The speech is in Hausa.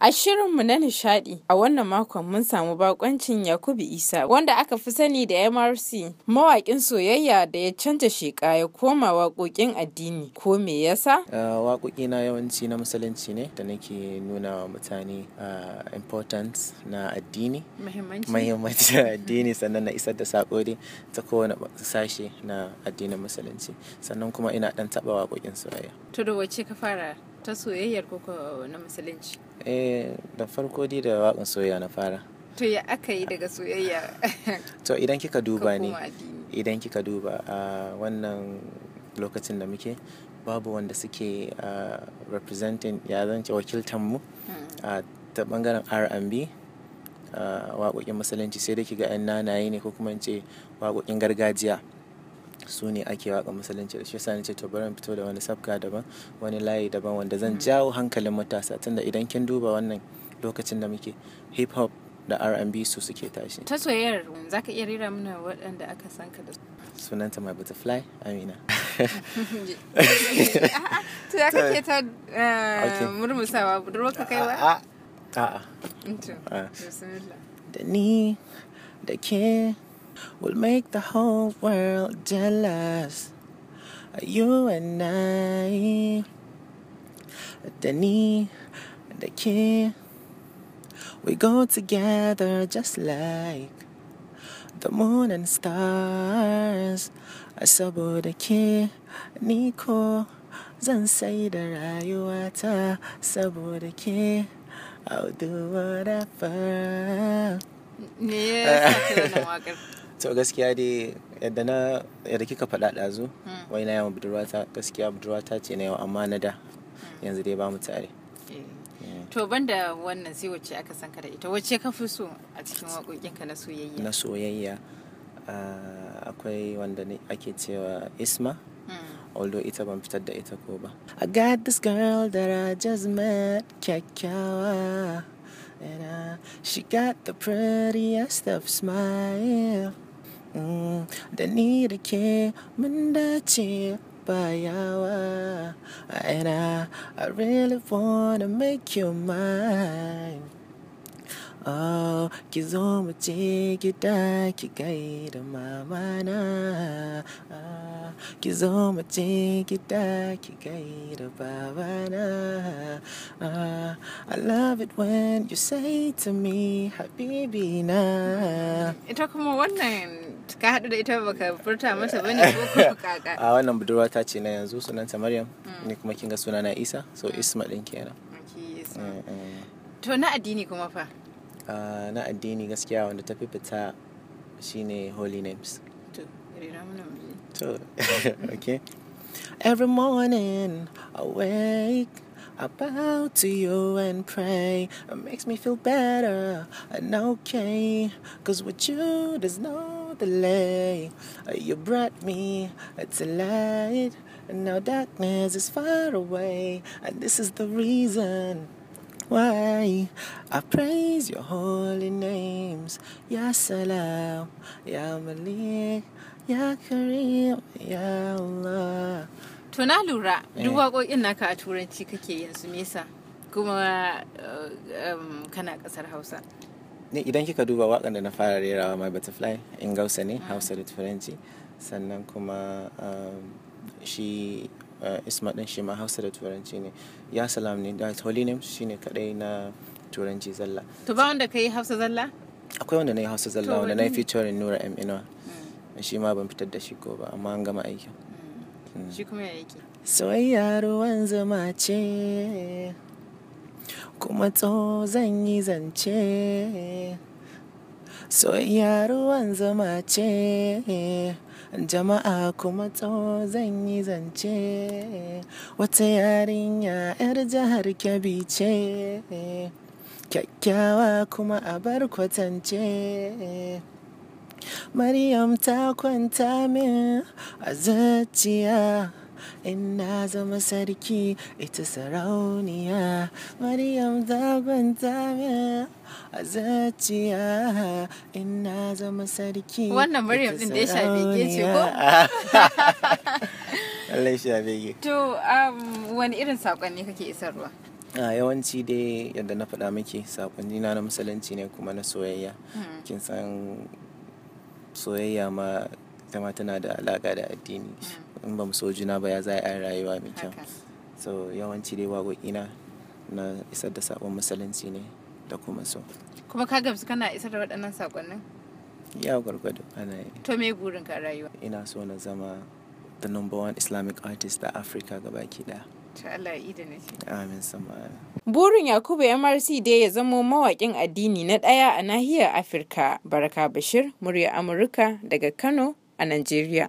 A shirinmu na nishaɗi, a wannan makon mun samu bakoncin Yakubu Isa wanda aka fi sani da MRC mawaƙin soyayya da ya canza sheƙa ya koma waƙoƙin addini ko me yasa? Uh, Waƙoƙi na yawanci na musulunci ne da nake nuna wa mutane importance na addini. Muhimmanci. addini sannan na isar da saƙo dai ta kowane sashe na addinin musulunci sannan kuma ina ɗan taɓa waƙoƙin soyayya. To da wace ka fara ta soyayyar ko na musulunci? Eh, da farko dai da waƙan soyayya na fara. To ya aka yi daga soyayya? To idan kika duba ne, idan kika duba a wannan lokacin da muke babu wanda suke representing ya zance wakiltan mu hmm. a ta bangaren R&B waƙoƙin musulunci sai da kiga 'yan nanaye ne ko kuma in ce waƙoƙin gargajiya. su ne ake waka musulunci da shi yasa ce to bari fito da wani sabka daban wani layi daban wanda zan mm. jawo hankalin matasa tunda idan kin duba wannan lokacin da muke hip hop da R&B su suke tashi ta soyayyar za ka iya rira mana waɗanda aka san ka da sunanta my butterfly amina to ya kake ta eh, murmusawa budurwa ka kai wa a'a da ni da ke will make the whole world jealous. You and I, the and the key, we go together just like the moon and stars. Saboda ke ni ko zan sai da rayuwata saboda ke I'll do whatever. Yeah, to gaskiya dai yadda na yadda kika faɗa ɗazu hmm. wai na yawan budurwata gaskiya budurwata ce na yau amma na da hmm. yanzu dai ba mu tare eh. hmm. to banda wannan sai wacce aka san ka da ita wacce ka fi so a cikin waƙoƙinka na soyayya na soyayya akwai wanda ake cewa isma although ita ban fitar da ita ko ba i got this girl that i just met kyakkyawa and uh, she got the prettiest of smile Mm, da ni da ke mun dace bayawa and I, I really wanna make you mine Oh, ki zo mu je gida ki gaida mama na. Ah, ki zo mu je gida ki gaida baba na. Ah, I love it when you say to me, habibi na. Ita kuma wannan ka haɗu da ita baka furta masa bane ko kaka a wannan budurwa ta ce na yanzu sunanta maryam hmm. ni kuma kinga suna na isa so hmm. isma din kenan eh, eh. to na addini kuma fa na addini gaskiya wanda ta fifita shine holy names to to okay every morning awake I bow to you and pray. It makes me feel better and okay. Cause with you, there's no the light. Uh, you brought me its uh, a light, and now darkness is far away. And this is the reason why I praise your holy names. Ya Salam, Ya Malik, Ya Karim, Ya Allah. To na lura, duk eh. waƙoƙin naka a turanci kake yin kuma uh, um, kana ƙasar Hausa. ne idan kika duba wakan da na fara rerawa my butterfly in gausa ne hausa da turanci sannan kuma um, shi uh, isma din shi ma hausa da turanci ne ya salam ne that holy name ne kadai na turanci zalla to ba wanda ka yi hausa zalla akwai wanda na yi hausa zalla wanda na yi featuring nura m inuwa mm. shi ma ban fitar da shi ko ba amma an gama aikin mm. shi kuma ya zama ce kuma to zan yi zance. Soyayya ruwan zama ce, jama'a kuma to zan yi zance. Wata yarinya 'yar jihar kyabi ce, kyakkyawa kuma a bar kwatance. Maryam ta kwanta min a zaciya. in na zama sarki ita sarauniya maryam za kwanta min a zaciya in na zama sarki wannan maryam din da ya ke ce ko Allah ya shafe to um, wani irin saƙonni kake isarwa a yawanci dai yadda na faɗa miki sakonni na na musulunci ne kuma na soyayya hmm. kin san soyayya ma tana da alaƙa da addini hmm. in ba mu so juna ba ya za a rayuwa mai kyau so yawanci dai waƙoƙina na isar da sabon musulunci ne da kuma so kuma ka gamsu kana isar da waɗannan saƙonnin ya gwargwado ana yi to me burin ka rayuwa ina so na zama the number one islamic artist da afirka gabaki ɗaya Amin Burin Yakubu MRC dai ya zamo mawaƙin addini na ɗaya a nahiyar Afirka. Baraka Bashir, murya Amurka daga Kano a Najeriya.